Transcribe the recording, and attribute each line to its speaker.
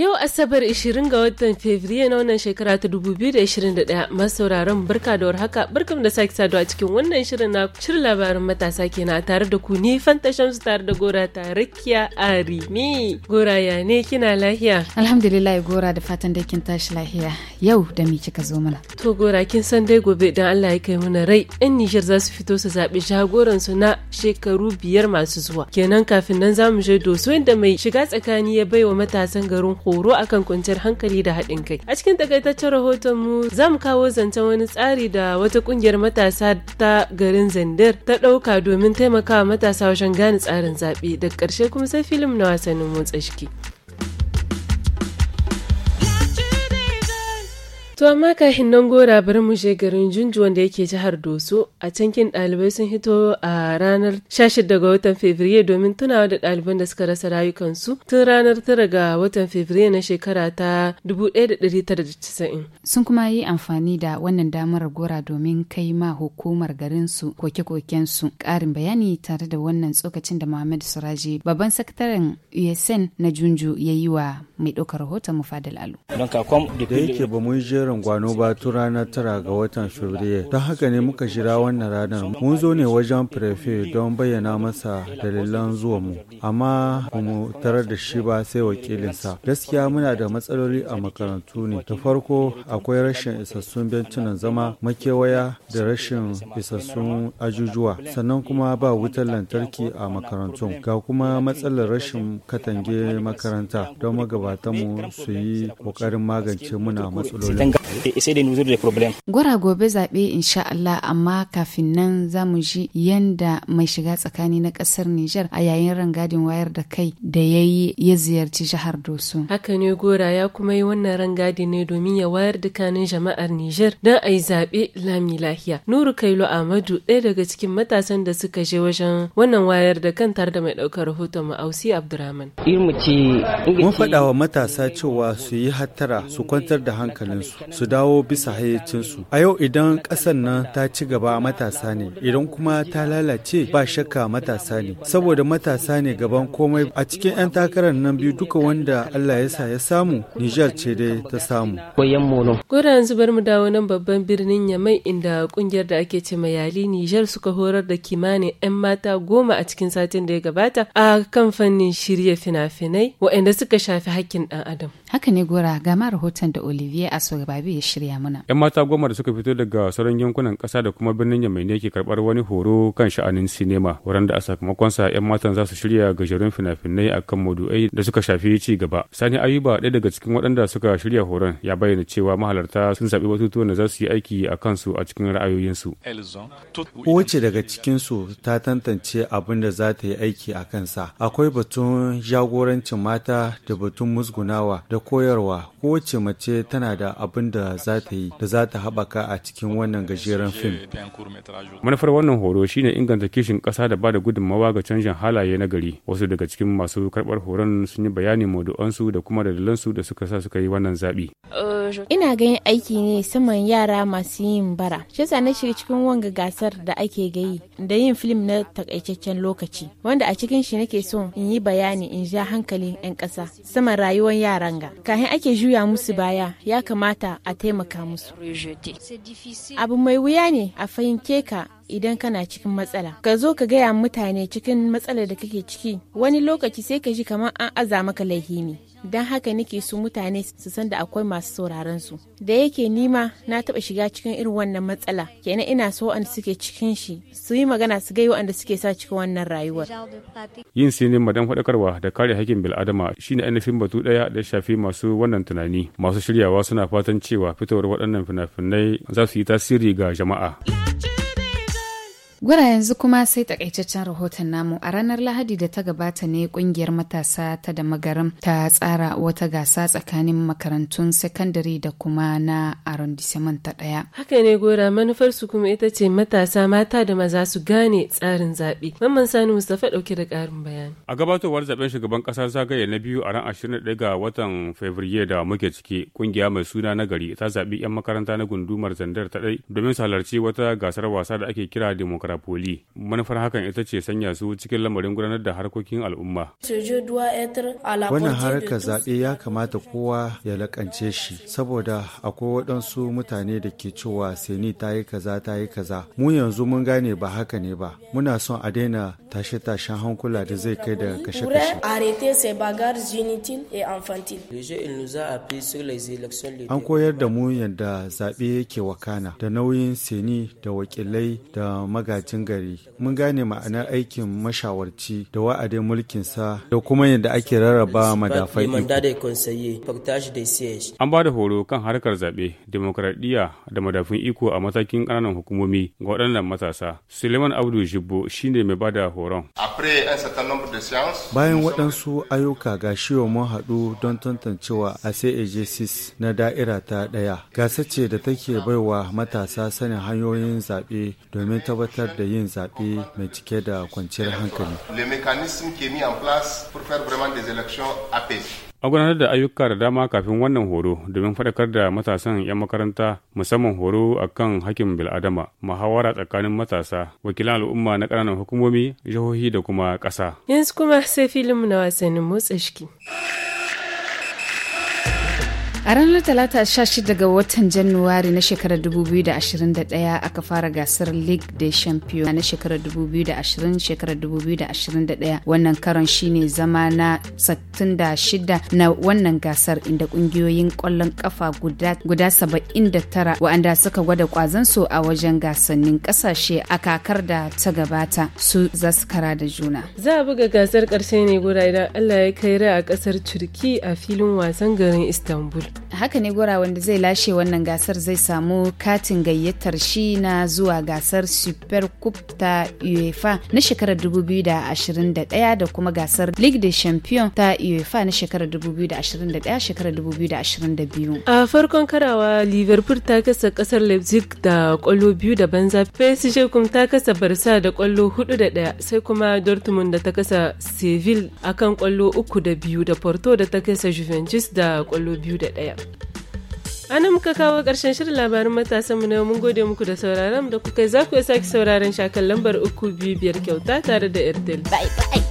Speaker 1: Yau Asabar 20 ga watan Fabrairu na wannan shekara ta 2021 masauraran barka da warhaka barkam da sake saduwa cikin wannan shirin na shirin labarin matasa kenan tare da ku ni fantashan su tare da Gora Tarakiya Arimi. Gora ya ne kina
Speaker 2: lahiya? Alhamdulillah Gora da fatan da kin tashi lahiya. Yau da mi kika zo mana?
Speaker 1: To Gora kin san dai gobe idan Allah ya kai mana rai in Nijar za su fito su zaɓi jagoran su na shekaru biyar masu zuwa. Kenan kafin nan za mu je doso mai shiga tsakani ya baiwa matasan garin horo akan kwanciyar hankali da haɗin kai. A cikin takaitaccen rahoton mu za mu kawo zancen wani tsari da wata ƙungiyar matasa ta garin Zandar ta ɗauka domin taimakawa matasa wajen gane tsarin zaɓe. Daga ƙarshe kuma sai filim na wasannin motsa jiki. To amma kahin nan gora bari mu je garin Junju wanda yake jihar Doso a cankin ɗalibai sun hito a ranar 16 ga watan Fabrairu domin tunawa da ɗaliban da suka rasa rayukansu tun ranar 9 ga watan Fabrairu na shekara ta 1990.
Speaker 2: Sun kuma yi amfani da wannan damar gora domin kai ma hukumar garin su koke-koken su. Ƙarin bayani tare da wannan tsokacin da Muhammad suraje babban sakataren USN na Junju ya yi wa mai ɗaukar rahoton Mufadal Alu.
Speaker 3: Da
Speaker 4: yake ba mu yi jerin gwano ba tun ranar tara ga watan Fabrairu. Don haka ne muka jira wannan ranar. Mun zo ne wajen prefe don bayyana masa dalilan mu. amma mu tarar da shi ba sai wakilinsa. Gaskiya muna da matsaloli a makarantu ne. Da farko akwai rashin isassun bentunan zama, makewaya da rashin isassun ajujuwa. Sannan kuma ba wutar lantarki a makarantun. Ga kuma matsalar rashin katange makaranta don magabatanmu su yi ƙoƙarin magance muna matsalolin. Eh, sai dai da problem.
Speaker 2: Gwara gobe zaɓe insha Allah amma kafin nan za mu ji yanda mai shiga tsakani na ƙasar Nijar a yayin rangadin wayar da kai da ya yi ya ziyarci jihar Doso.
Speaker 1: Haka ne Gora ya kuma yi wannan rangadi ne domin ya wayar da kanin jama'ar Nijar don a yi zaɓe lami lahiya. Nuru kailu Ahmadu ɗaya daga cikin matasan da suka je wajen wannan wayar da kan tare da mai ɗaukar rahoton ausi Abdurrahman.
Speaker 4: Mun faɗa wa matasa cewa su yi hattara su kwantar da hankalinsu su dawo bisa hayyacinsu a yau idan ƙasar nan ta ci gaba matasa ne idan kuma ta lalace ba shakka matasa ne saboda matasa ne gaban komai a cikin 'yan takarar nan biyu duka wanda Allah ya sa ya samu Nijar ce dai ta samu.
Speaker 1: Gora yanzu bar mu dawo nan babban birnin Yamai inda kungiyar da ake ce mayali Nijar suka horar da kimanin 'yan mata goma a cikin satin da ya gabata a kan fannin shirya fina-finai waɗanda suka shafi hakkin ɗan adam. Haka ne Gora gama rahoton da Olivier Asoba Rabi ya shirya mana.
Speaker 3: 'Yan mata goma da suka fito daga sauran yankunan ƙasa da kuma birnin Yamai ne ke karbar wani horo kan sha'anin sinema, wurin da a sakamakonsa 'yan matan za su shirya gajerun fina-finai akan maudu'ai da suka shafi ci gaba. Sani Ayuba ɗaya daga cikin waɗanda suka shirya horon ya bayyana cewa mahalarta sun zaɓi batutuwan da za su yi aiki a kansu a cikin ra'ayoyinsu.
Speaker 4: Kowace daga cikinsu
Speaker 3: ta tantance abin da za ta yi aiki a
Speaker 4: kansa. Akwai batun jagorancin mata da batun musgunawa da koyarwa. Kowace mace tana da abin da za ta yi da za ta haɓaka a cikin wannan gajeren fim.
Speaker 3: Manufar wannan horo shine inganta kishin ƙasa da ba da gudunmawa ga canjin halaye na gari. Wasu daga cikin masu karɓar horon sun yi bayani maudu'ansu da kuma dalilansu da suka sa suka yi wannan zaɓi.
Speaker 1: Ina ganin aiki ne saman yara masu yin bara. shisa na shiga cikin wanga gasar da ake gayi da yin film na takaitaccen lokaci wanda a cikin shi nake so in yi bayani in ja hankalin 'yan ƙasa saman rayuwar yaran ga. Kahin ake juya musu baya ya kamata a taimaka musu. Abu mai wuya ne a fahimce ka idan kana cikin matsala ka zo ka gaya mutane cikin matsalar da kake ciki wani lokaci sai ka ji kamar an aza maka laifi ne don haka nake su mutane su san da akwai masu sauraron su da yake nima na taba shiga cikin irin wannan matsala kenan ina so wanda suke cikin shi su yi magana su gai wanda suke sa cikin wannan rayuwar
Speaker 3: yin sinin madan faɗakarwa da kare hakkin bil'adama shine ainihin batu ɗaya da shafi masu wannan tunani masu shiryawa suna fatan cewa fitowar waɗannan fina-finai za su yi tasiri ga jama'a.
Speaker 2: Gwara yanzu kuma sai takaitaccen rahoton namu a ranar Lahadi da ta gabata ne kungiyar matasa ta da magarin ta tsara wata gasa tsakanin makarantun sakandare da kuma na arrondissement ta daya.
Speaker 1: Haka ne gora manufar su kuma ita ce matasa mata da maza su gane tsarin zaɓe. Mamman Sani Mustapha ɗauke da ƙarin bayani.
Speaker 3: A gabatowar zaɓen shugaban ƙasa zagaye na biyu a ran 21 ga watan Fabrairu da muke ciki kungiya mai suna na gari ta zaɓi 'yan makaranta na gundumar zandar ta ɗai domin su halarci wata gasar wasa da ake kira demokrasi parapoli manufar hakan ita ce sanya su cikin lamarin gudanar da harkokin al'umma
Speaker 1: wannan harkar zaɓe
Speaker 4: ya kamata kowa ya lakance shi saboda akwai waɗansu mutane da ke cewa seni ta yi kaza ta yi kaza mu yanzu mun gane ba haka ne ba muna son a daina tashe-tashen hankula da zai kai da
Speaker 1: kashe-kashe an
Speaker 4: koyar da mu yadda zaɓe yake wakana da nauyin seni da wakilai da magaji bukatun gari mun gane ma'anar aikin mashawarci da wa'adin sa da kuma yadda ake rarraba madafai
Speaker 3: an ba da horo kan harkar zaɓe demokradiyya da madafun iko a matakin ƙananan hukumomi ga waɗannan matasa suleiman abdu jibbo shine mai ba da horon
Speaker 4: bayan waɗansu ayyuka ga shiwa mun haɗu don tantancewa a cajc na da'ira ta ɗaya gasa ce da take baiwa matasa sanin hanyoyin zaɓe domin tabbatar da yin zaɓe mai cike da kwanciyar hankali.
Speaker 3: A gudanar da ayyuka da dama kafin wannan horo domin faɗakar da matasan 'yan makaranta musamman horo a kan hakkin bil'adama, muhawara tsakanin matasa, wakilan al'umma na ƙananan hukumomi, jihohi da kuma ƙasa.
Speaker 1: Yanzu kuma sai filin na wasannin motsa shiki.
Speaker 2: A ranar Talata 16 ga watan Januwari na shekarar 2021 aka fara gasar League de Champions na shekarar 2020 shekarar 2021 wannan karon shine zama na 66 na wannan gasar inda kungiyoyin kwallon kafa guda 79 wa'anda suka gwada kwazansu a wajen gasannin kasashe a kakar da ta gabata su za su kara da juna.
Speaker 1: Za a buga gasar ƙarshe ne guda idan Allah ya kai a ƙasar Turki a filin wasan garin Istanbul.
Speaker 2: haka ne gora wanda zai lashe wannan gasar zai samu katin gayyatar shi na zuwa gasar super cup ta uefa na shekarar 2021 da kuma gasar league de champion ta uefa na shekarar 2021 shekarar 2022
Speaker 1: a farkon karawa liverpool ta kasa kasar leipzig da kwallo biyu da banza psg kuma ta kasa barsa da kwallo hudu da daya sai kuma dortmund da ta kasa seville akan kwallo uku da biyu da porto da ta kasa juventus da kwallo biyu da daya ɗaya. ana muka kawo ƙarshen shirin labarin matasan mu na mun gode muku da sauraron da kuka za ku sake sauraron shakan lambar uku biyu biyar kyauta tare da airtel bye bye